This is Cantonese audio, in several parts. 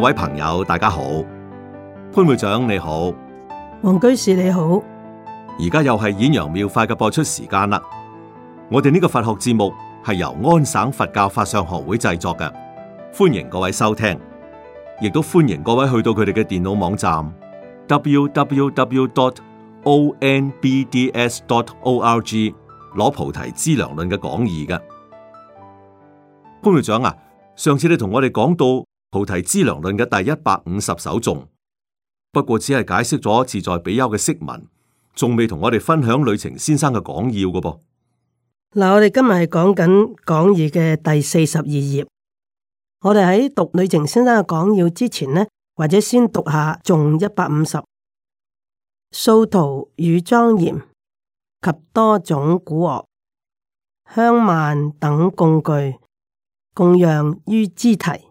各位朋友，大家好，潘會長你好，王居士你好，而家又係演揚妙法嘅播出時間啦。我哋呢個佛學節目係由安省佛教法上學會製作嘅，歡迎各位收聽，亦都歡迎各位去到佢哋嘅電腦網站 www.onbds.org d t o d t o 攞菩提資糧論嘅講義嘅。潘會長啊，上次你同我哋講到。菩提資糧論嘅第一百五十首頌，不過只係解釋咗志在比丘嘅釋文，仲未同我哋分享呂程先生嘅講要嘅噃。嗱，我哋今日係講緊講義嘅第四十二頁，我哋喺讀呂程先生嘅講要之前呢，或者先讀下頌一百五十，素圖與莊嚴及多種古樂、香曼等共具，供養於支提。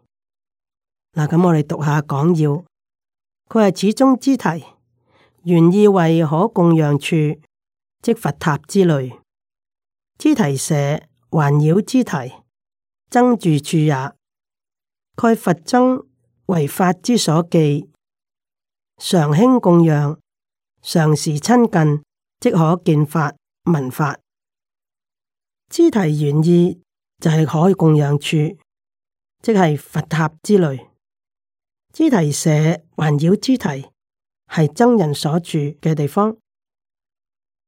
嗱，咁我哋讀下講要，佢係始終之題，原意為可供養處，即佛塔之類。之題舍環繞之題，增住處也。蓋佛僧為法之所記，常興供養，常時親近，即可見法聞法。之題原意就係可供養處，即係佛塔之類。支提舍環繞支提，係僧人所住嘅地方。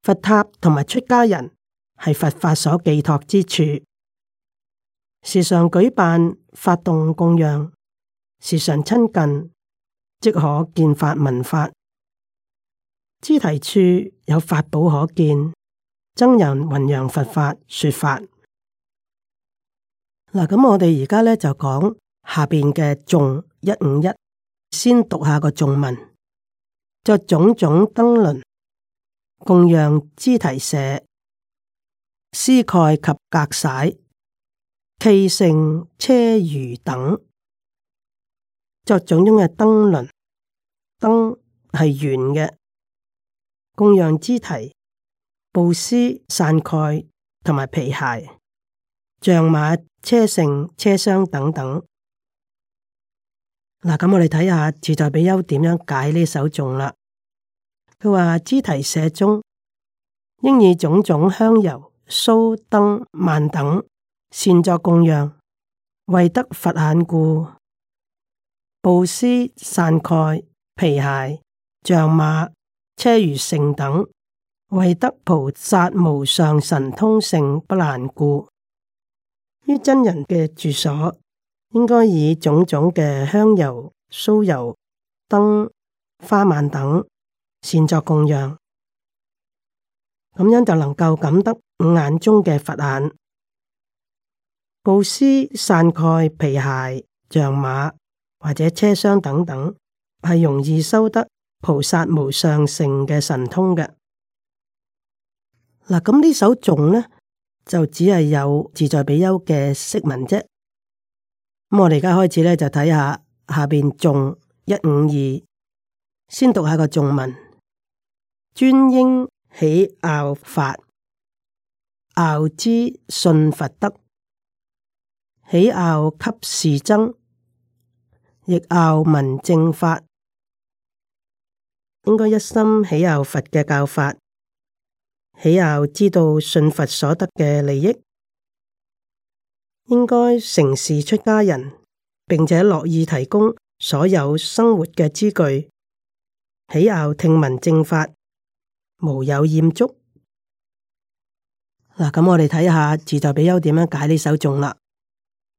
佛塔同埋出家人係佛法所寄託之處，時常舉辦發動供養，時常親近，即可見法聞法。支提處有法寶可見，僧人弘揚佛法說法。嗱，咁我哋而家咧就講下邊嘅眾。一五一，先讀下個眾文，作種種燈輪，供養支提舍，絲蓋及革屣，器乘車輿等，作種種嘅燈輪，燈係圓嘅，供養支提布絲、散蓋同埋皮鞋、象馬、車乘、車廂等等。嗱，咁我哋睇下自在比丘點樣解呢首頌啦。佢話支提舍中應以種種香油酥燈曼等善作供養，為得佛眼故；布施散蓋皮鞋象馬車如勝等，為得菩薩無上神通性不難故。於真人嘅住所。應該以種種嘅香油、酥油、燈、花鬘等善作供養，咁樣就能夠感得五眼中嘅佛眼。布施散蓋皮鞋、象馬或者車廂等等，係容易修得菩薩無上乘嘅神通嘅。嗱，咁呢首頌呢，就只係有自在比丘嘅釋文啫。咁、嗯、我哋而家開始咧，就睇下下邊頌一五二，2，先讀下個頌文。專應起效法，效之信佛德，起效給侍僧，亦效聞正法。應該一心起效佛嘅教法，起效知道信佛所得嘅利益。應該成事出家人，並且樂意提供所有生活嘅資具，喜傲聽聞正法，無有厭足。嗱，咁、嗯、我哋睇下自在比丘點樣解呢首頌啦。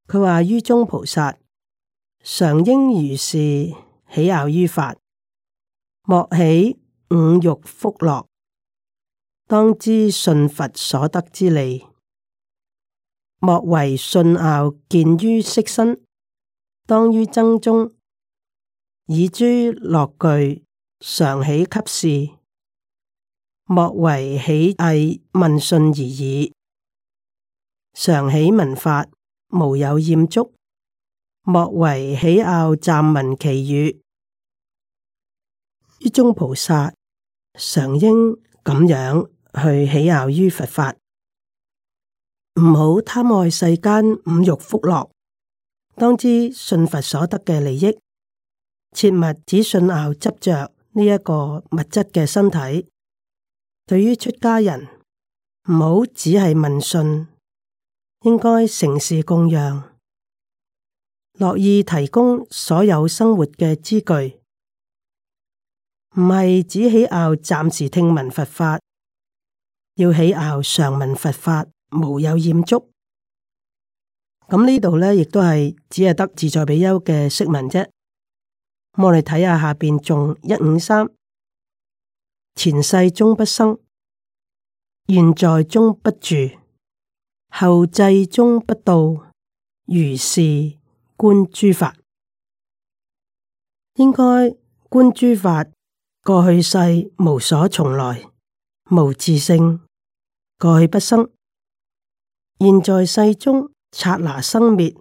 佢話：於中菩薩常應如是喜傲於法，莫喜五欲福樂，當知信佛所得之利。莫為信傲見於色身，當於僧中以諸樂具常喜給事；莫為喜異問訊而已，常喜聞法無有厭足；莫為喜傲暫聞其語。於中菩薩常應咁樣去喜傲於佛法。唔好貪愛世間五欲福樂，當知信佛所得嘅利益。切勿只信拗執着呢一個物質嘅身體。對於出家人，唔好只係問訊，應該承事供養，樂意提供所有生活嘅資具。唔係只起拗暫時聽聞佛法，要起拗常聞佛法。無有厭足，咁呢度咧，亦都係只係得自在比丘嘅釋文啫。我哋睇下下邊仲一五三，前世終不生，現在終不住，後世終不到，如是觀諸法。應該觀諸法，過去世無所從來，無自性，過去不生。現在世中刹那生滅，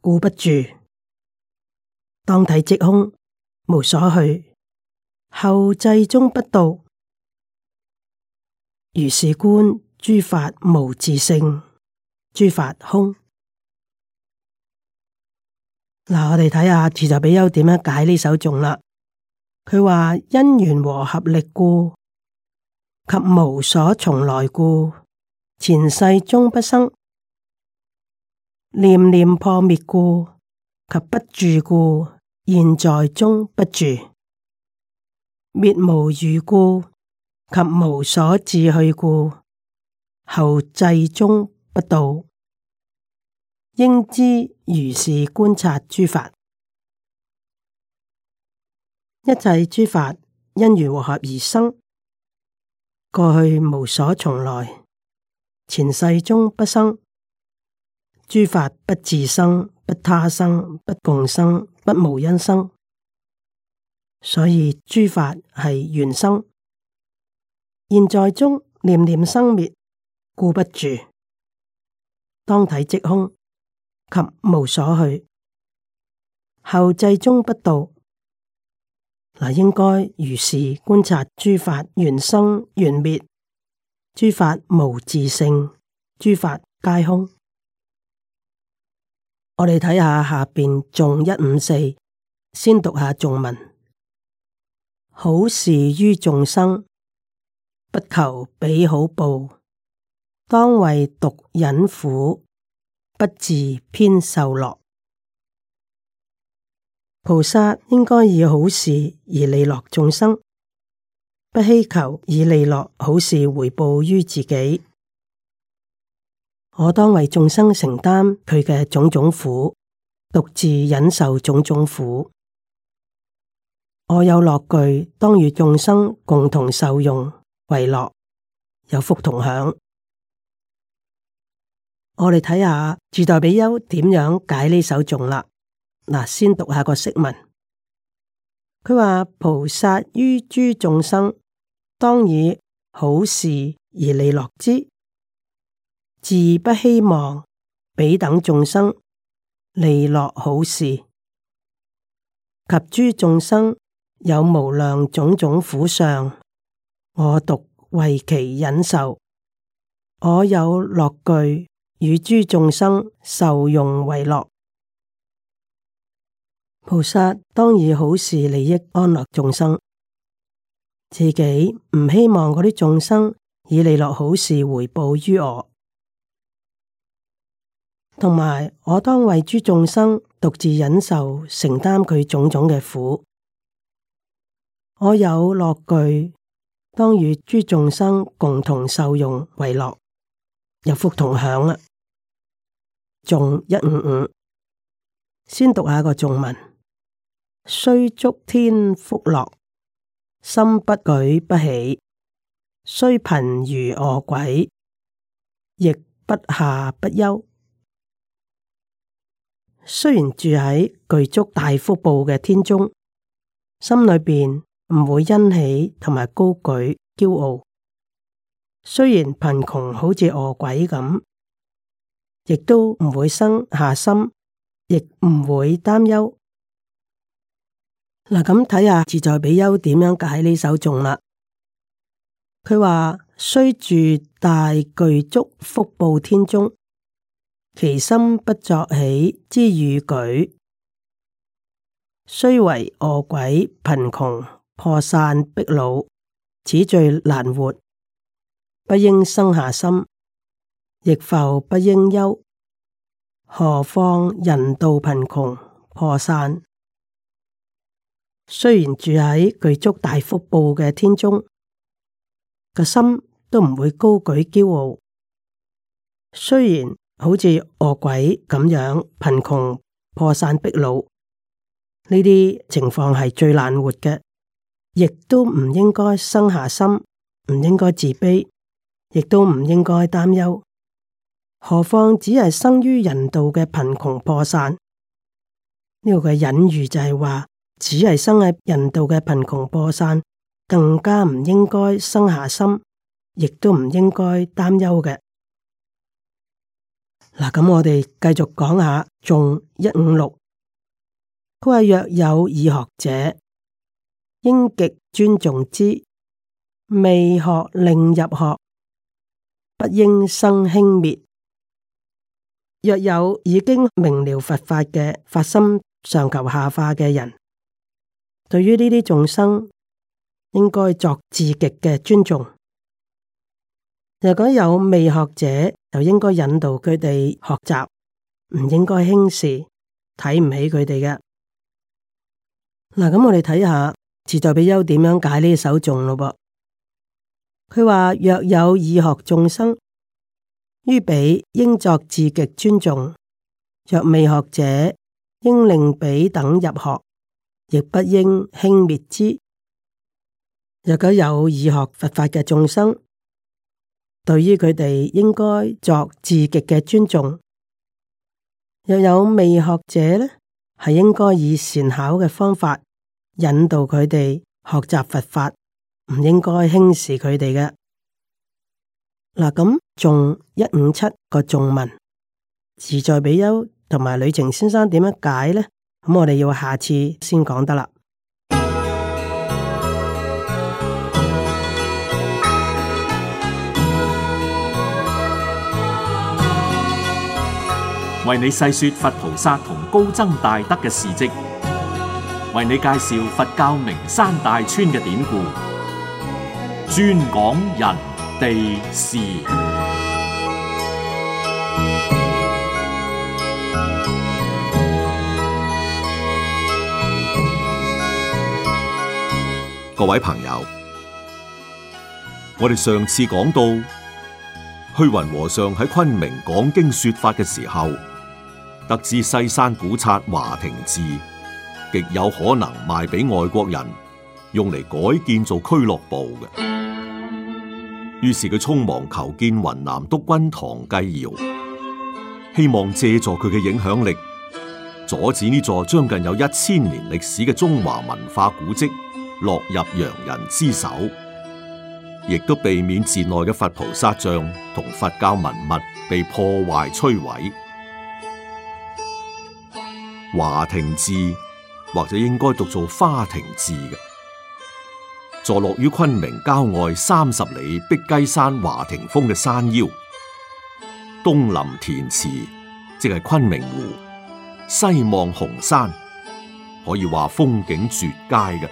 固不住。當體即空，無所去。後際終不度。如是觀，諸法無自性，諸法空。嗱，我哋睇下，慈就比丘點樣解呢首頌啦。佢話，因緣和合力故及無所從來故。前世終不生，念念破滅故及不住故，現在終不住，滅無餘故及無所自去故，後世終不到。應知如是觀察諸法，一切諸法因緣和合而生，過去無所從來。前世中不生，諸法不自生，不他生，不共生，不無因生，所以諸法係原生。現在中念念生滅，固不住，當體即空及無所去。後際中不道，嗱應該如是觀察諸法原生原滅。諸法無自性，諸法皆空。我哋睇下下邊頌一五四，先讀下頌文。好事於眾生，不求彼好報，當為獨忍苦，不自偏受樂。菩薩應該以好事而利樂眾生。不希求以利樂好事回報於自己。我當為眾生承擔佢嘅種種苦，獨自忍受種種苦。我有樂具，當與眾生共同受用為樂，有福同享。我哋睇下自在比丘點樣解呢首頌啦。嗱，先讀下個釋文，佢話菩薩於諸眾生。當以好事而利樂之，自不希望彼等眾生利樂好事。及諸眾生有無量種種苦相，我獨為其忍受。我有樂具，與諸眾生受用為樂。菩薩當以好事利益安樂眾生。自己唔希望嗰啲眾生以利樂好事回報於我，同埋我當為諸眾生獨自忍受承擔佢種種嘅苦，我有樂具當與諸眾生共同受用為樂，有福同享啦。仲一五五，先讀下個頌文雖足天福樂。心不舉不起，雖貧如餓鬼，亦不下不憂。雖然住喺巨足大福報嘅天中，心裏面唔會欣喜同埋高舉驕傲。雖然貧窮好似餓鬼咁，亦都唔會生下心，亦唔會擔憂。嗱，咁睇下自在比丘點樣解呢首頌啦。佢話：雖住大具足福報天中，其心不作喜之與舉；雖為餓鬼貧窮破散逼老，此罪難活，不應生下心，亦復不應憂。何況人道貧窮破散。雖然住喺具足大福報嘅天中，個心都唔會高舉驕傲；雖然好似餓鬼咁樣貧窮破散逼老，呢啲情況係最難活嘅，亦都唔應該生下心，唔應該自卑，亦都唔應該擔憂。何況只係生於人道嘅貧窮破散，呢、這個嘅隱喻就係話。只係生喺人道嘅貧窮破散，更加唔應該生下心，亦都唔應該擔憂嘅。嗱、啊，咁我哋繼續講下，仲一五六，佢話，若有已學者，應極尊重之；未學，令入學，不應生輕蔑。若有已經明了佛法嘅發心上求下化嘅人。對於呢啲眾生，應該作至極嘅尊重。若果有未學者，就應該引導佢哋學習，唔應該輕視、睇唔起佢哋嘅。嗱，咁、嗯、我哋睇下自在比丘點樣解呢首頌咯。噃，佢話：若有已學眾生於彼，應作至極尊重；若未學者，應令彼等入學。亦不應輕蔑之。若果有已學佛法嘅眾生，對於佢哋應該作至極嘅尊重；又有未學者呢，係應該以善巧嘅方法引導佢哋學習佛法，唔應該輕視佢哋嘅。嗱咁，仲一五七個眾文自在比丘同埋呂程先生點樣解呢？咁我哋要下次先講得啦。為你細說佛菩薩同高僧大德嘅事跡，為你介紹佛教名山大川嘅典故，專講人地事。各位朋友，我哋上次講到，虛雲和尚喺昆明講經說法嘅時候，得知西山古剎華亭寺極有可能賣俾外國人，用嚟改建做俱樂部嘅。於是佢匆忙求見雲南督軍唐繼堯，希望借助佢嘅影響力，阻止呢座將近有一千年歷史嘅中華文化古跡。落入洋人之手，亦都避免寺內嘅佛菩薩像同佛教文物被破壞摧毀。華亭寺，或者應該讀做「花亭寺」嘅，坐落於昆明郊外三十里碧雞山華亭峰嘅山腰，東臨滇池，即係昆明湖，西望紅山，可以話風景絕佳嘅。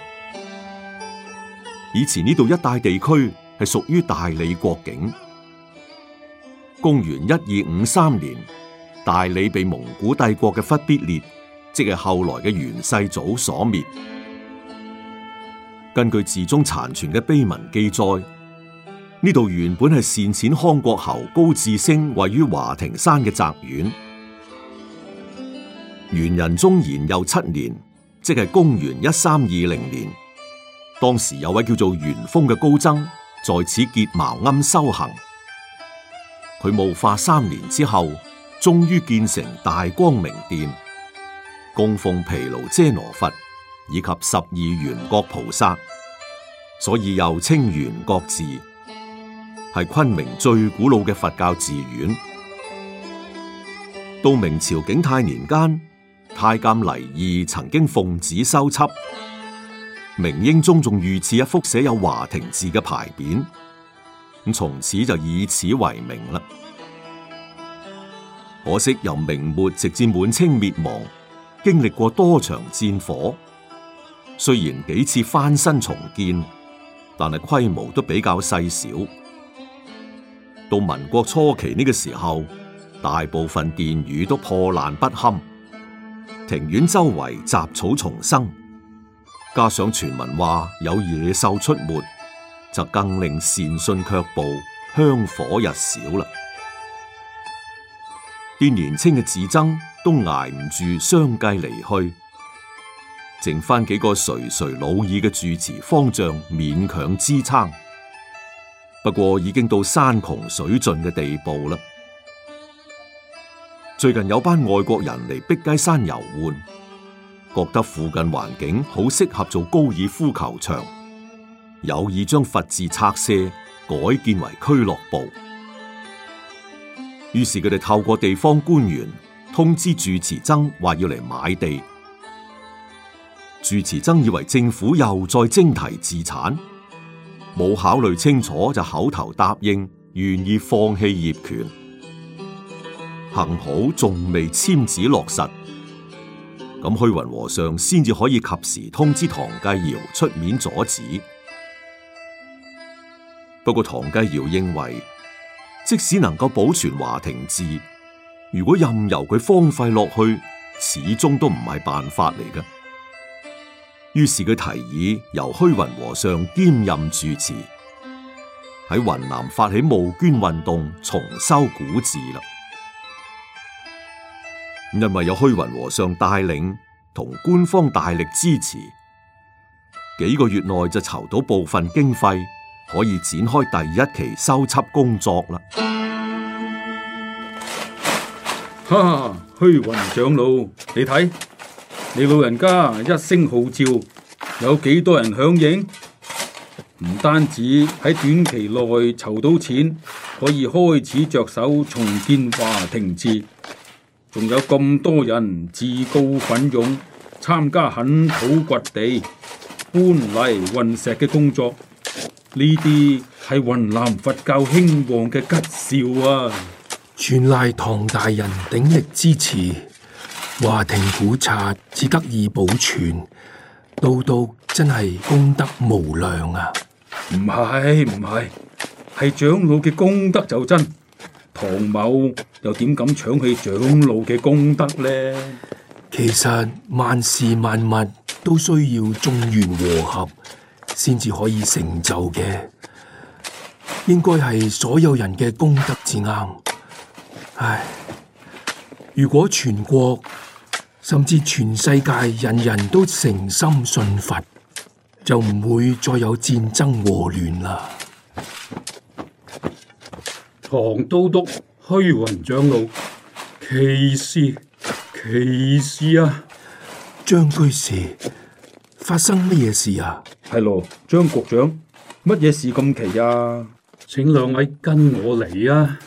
以前呢度一帶地區係屬於大理國境。公元一二五三年，大理被蒙古帝國嘅忽必烈，即係後來嘅元世祖所滅。根據寺中殘存嘅碑文記載，呢度原本係善淺康國侯高智昇位於華亭山嘅宅院。元仁宗延祐七年，即係公元一三二零年。當時有位叫做元豐嘅高僧在此結茅庵修行，佢募化三年之後，終於建成大光明殿，供奉毗盧遮羅佛以及十二圓覺菩薩，所以又稱圓覺寺，係昆明最古老嘅佛教寺院。到明朝景泰年間，太監黎義曾經奉旨修葺。明英宗仲御賜一幅寫有「華亭」字嘅牌匾，咁從此就以此為名啦。可惜由明末直至滿清滅亡，經歷過多場戰火，雖然幾次翻新重建，但係規模都比較細小。到民國初期呢個時候，大部分殿宇都破爛不堪，庭院周圍雜草叢生。加上傳聞話有野獸出沒，就更令善信卻步，香火日少啦。啲年輕嘅志增都捱唔住，相繼離去，剩返幾個垂垂老矣嘅住持方丈勉強支撐。不過已經到山窮水盡嘅地步啦。最近有班外國人嚟碧雞山遊玩。覺得附近環境好適合做高爾夫球場，有意將佛寺拆卸改建為俱樂部。於是佢哋透過地方官員通知住持僧話要嚟買地。住持僧以為政府又再徵提資產，冇考慮清楚就口頭答應願意放棄業權。幸好仲未簽紙落實。咁虛雲和尚先至可以及時通知唐繼堯出面阻止。不過唐繼堯認為，即使能夠保存華亭寺，如果任由佢荒廢落去，始終都唔係辦法嚟嘅。於是佢提議由虛雲和尚兼任住持，喺雲南發起募捐運動，重修古寺啦。因為有虛雲和尚帶領，同官方大力支持，幾個月內就籌到部分經費，可以展開第一期修葺工作啦。哈哈，虛雲長老，你睇，你老人家一聲號召，有幾多人響應？唔單止喺短期內籌到錢，可以開始着手重建華亭寺。仲有咁多人自告奮勇參加很土掘地、搬泥運石嘅工作，呢啲係雲南佛教興旺嘅吉兆啊！全賴唐大人鼎力支持，華亭古剎至得以保存，道道真係功德無量啊！唔係唔係，係長老嘅功德就真。唐某又點敢搶去長老嘅功德呢？其實萬事萬物都需要眾緣和合，先至可以成就嘅。應該係所有人嘅功德至啱。唉，如果全國甚至全世界人人都誠心信佛，就唔會再有戰爭和亂啦。唐都督、虛雲長老，奇事，奇事啊！張居士，發生乜嘢事啊？係咯，張局長，乜嘢事咁奇啊？請兩位跟我嚟啊！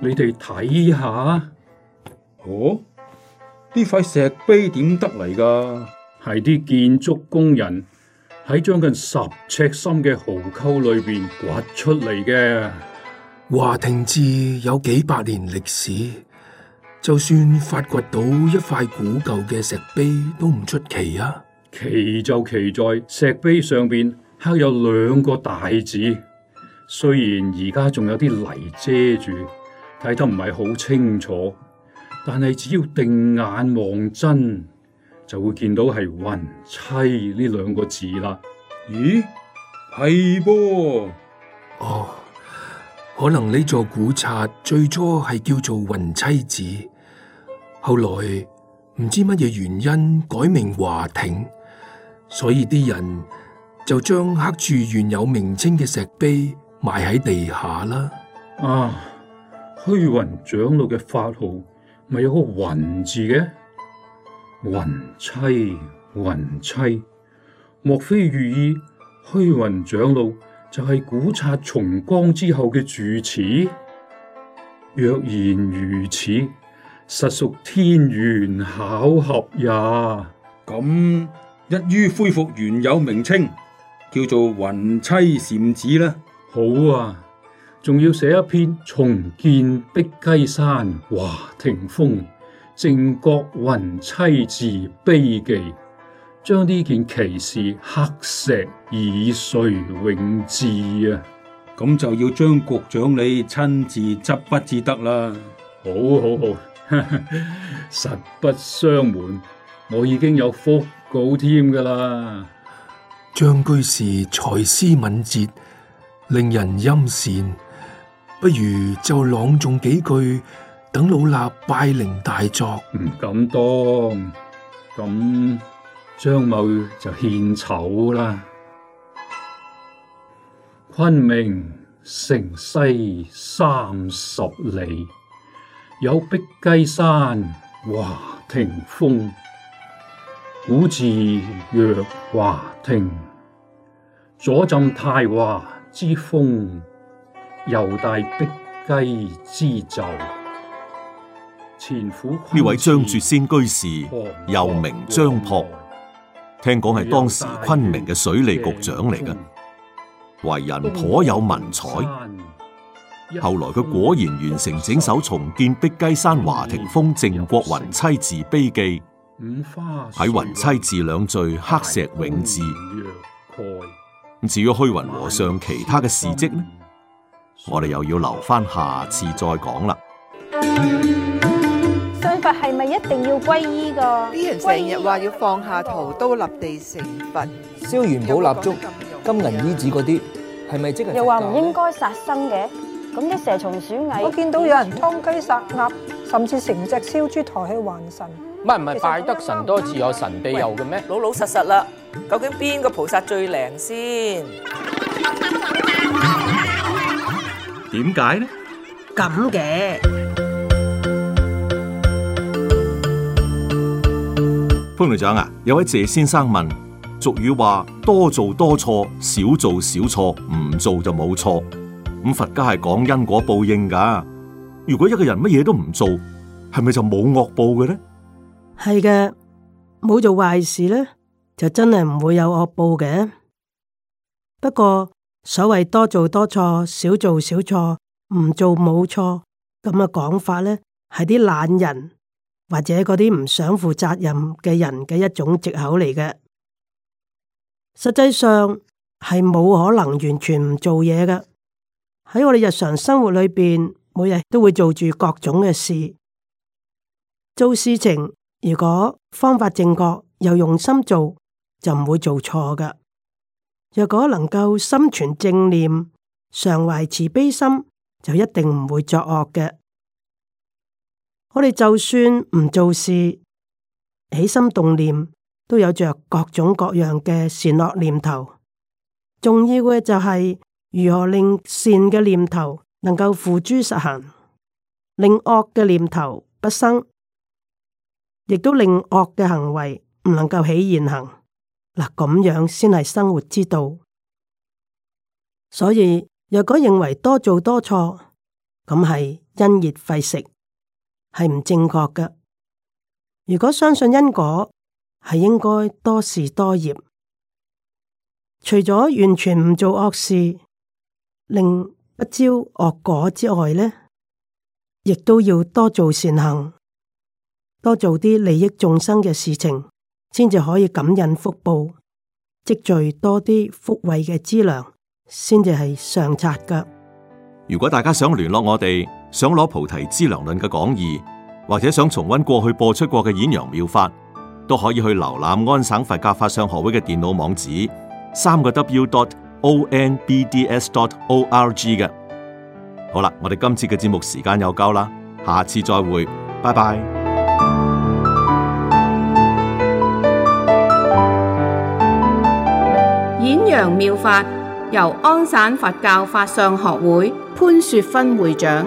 你哋睇下，哦，呢塊石碑點得嚟噶？係啲建築工人喺將近十尺深嘅壕溝裏邊掘出嚟嘅。華亭寺有幾百年歷史，就算發掘到一塊古舊嘅石碑都唔出奇啊。奇就奇在石碑上邊刻有兩個大字，雖然而家仲有啲泥遮住，睇得唔係好清楚，但係只要定眼望真。就會見到係雲棲呢兩個字啦。咦，係噃？哦，可能呢座古剎最初係叫做雲棲寺，後來唔知乜嘢原因改名華亭，所以啲人就將刻住原有名稱嘅石碑埋喺地下啦。啊，虛雲長老嘅法號咪有個雲字嘅？雲棲雲棲，莫非寓意虛雲長老就係古剎重光之後嘅住持？若然如此，實屬天緣巧合呀，咁一於恢復原有名稱，叫做雲棲禪寺啦。好啊，仲要寫一篇重建碧雞山華亭風。正覺雲棲寺碑記，將呢件奇事刻石以垂永誌啊！咁就要張局長你親自執筆至得啦。好，好，好，好，好，實不相瞞，我已經有福稿添噶啦。張居士才思敏捷，令人欽羨，不如就朗誦幾句。等老衲拜領大作，唔敢當。咁張某就獻醜啦。昆明城西三十里，有碧雞山華亭峰，古字曰華亭，左枕太華之峰，右帶碧雞之秀。呢位張絕仙居士又名張璞，聽講係當時昆明嘅水利局長嚟嘅，為人頗有文采。後來佢果然完成整首重建碧雞山華亭峰靖國雲棲寺碑記，喺雲棲寺兩序黑石永志。咁至於虛雲和尚其他嘅事跡呢？我哋又要留翻下，下次再講啦。佛係咪一定要皈依噶？啲人成日話要放下屠刀立地成佛，燒元寶蠟燭、金銀衣紙嗰啲，係咪即係？又話唔應該殺生嘅，咁啲蛇蟲鼠蟻，我見到有人劏雞殺鴨，甚至成隻燒豬抬去還神。唔係唔係，拜得神多自有神庇佑嘅咩？老老實實啦，究竟邊個菩薩最靈先？點解呢？咁嘅。張隊長啊，有位謝先生問：俗語話多做多錯，少做少錯，唔做就冇錯。咁佛家係講因果報應噶。如果一個人乜嘢都唔做，係咪就冇惡報嘅咧？係嘅，冇做壞事咧，就真係唔會有惡報嘅。不過所謂多做多錯，少做少錯，唔做冇錯咁嘅講法咧，係啲懶人或者嗰啲唔想負責任嘅人嘅一種借口嚟嘅，實際上係冇可能完全唔做嘢嘅。喺我哋日常生活裏邊，每日都會做住各種嘅事。做事情如果方法正確，又用心做，就唔會做錯嘅。若果能夠心存正念，常懷慈悲心，就一定唔會作惡嘅。我哋就算唔做事，起心動念都有着各種各樣嘅善惡念頭。重要嘅就係、是、如何令善嘅念頭能夠付諸實行，令惡嘅念頭不生，亦都令惡嘅行為唔能夠起現行。嗱，咁樣先係生活之道。所以若果認為多做多錯，咁係因噎廢食。係唔正確嘅。如果相信因果，係應該多事多業，除咗完全唔做惡事，令不招惡果之外，呢，亦都要多做善行，多做啲利益眾生嘅事情，先至可以感引福報，積聚多啲福慧嘅資糧，先至係上策嘅。如果大家想聯絡我哋，想攞《菩提資糧論》嘅講義，或者想重溫過去播出過嘅《演揚妙法》，都可以去瀏覽安省佛教法上學會嘅電腦網址，三個 w dot o n b d s dot o r g 嘅。好啦，我哋今次嘅節目時間又夠啦，下次再會，拜拜。演揚妙法由安省佛教法上學會潘雪芬會長。